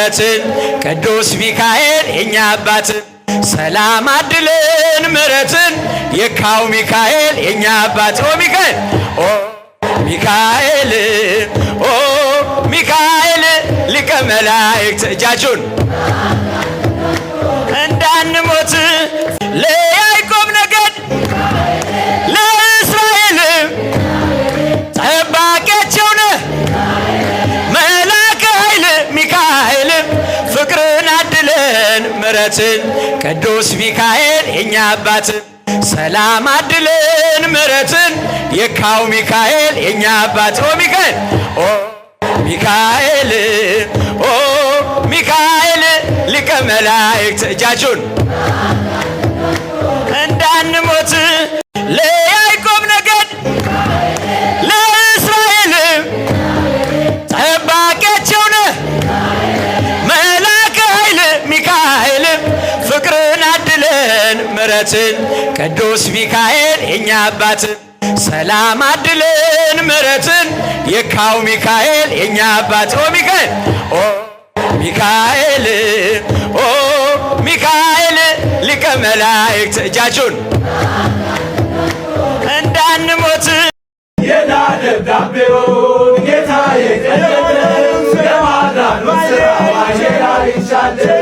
ምረትን ቅዱስ ሚካኤል የኛ አባትን ሰላም አድልን ምረትን የካው ሚካኤል የኛ አባት ኦ ሚካኤል ኦ ሚካኤል ኦ ሚካኤል ሊቀ መላእክት እጃችሁን እንዳንሞት ምሕረት ቅዱስ ሚካኤል የኛ አባት ሰላም አድልን ምሕረትን የካው ሚካኤል የኛ አባት ኦ ሚካኤል ኦ ሚካኤል ኦ ሚካኤል ሊቀ መላእክት እጃችሁን አድለን ምረትን ቅዱስ ሚካኤል የኛ አባትን ሰላም አድለን ምረትን የካው ሚካኤል የኛ አባት ኦ ሚካኤል ኦ ሚካኤል ኦ ሚካኤል ሊቀ መላእክት እጃችሁን እንዳንሞት የዳ ደብዳቤውን ጌታ የቀደም ስለማዳኑ ስራ ማሸራ ይቻለን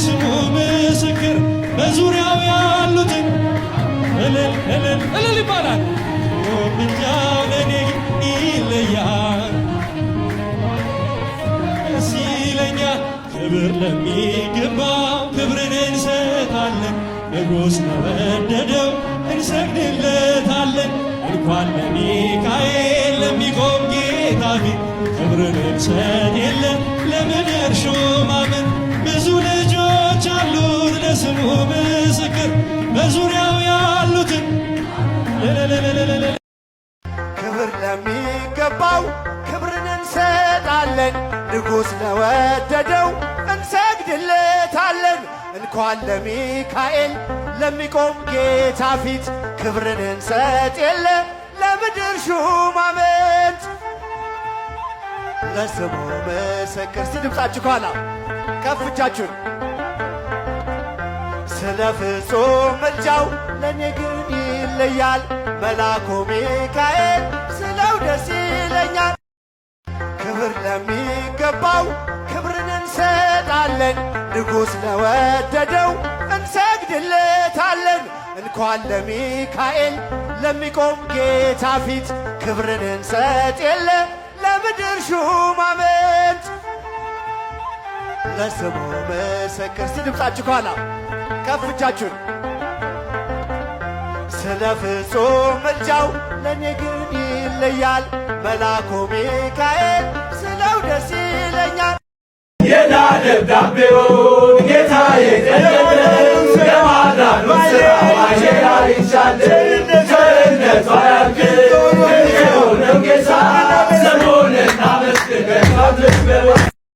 የስሙ ምስክር በዙሪያው ያሉትን እልል እልል እልል ይባላል። ምንጃው ለኔ ይለያል ሲለኛ ክብር ለሚገባው ክብርን እንሰጣለን። ንጉሥ ለወደደው እንሰግድለታለን። እንኳን ለሚካኤል ለሚቆም ጌታ ፊት ክብርን እንሰ ለገባው ክብርን እንሰጣለን። ንጉሥ ለወደደው እንሰግድለታለን። እንኳን ለሚካኤል ለሚቆም ጌታ ፊት ክብርን እንሰጥ የለ ለምድር ሹማምንት ለስሙ ምስክር ስድምፃችሁ ከኋላ ከፍቻችሁን ስለ ፍጹም ምልጃው ለእኔ ግን ይለያል መልአኩ ሚካኤል አድርጎ ለወደደው እንሰግድለታለን። እንኳን ለሚካኤል ለሚቆም ጌታ ፊት ክብርን እንሰጥ የለ ለምድር ሹማምንት ለስሙ ምስክር ስ ድምፃችሁ ከኋላ ከፍቻችሁን ስለ ፍጹም ምልጃው ለእኔ ግን ይለያል መላኩ ሚካኤል Shalom.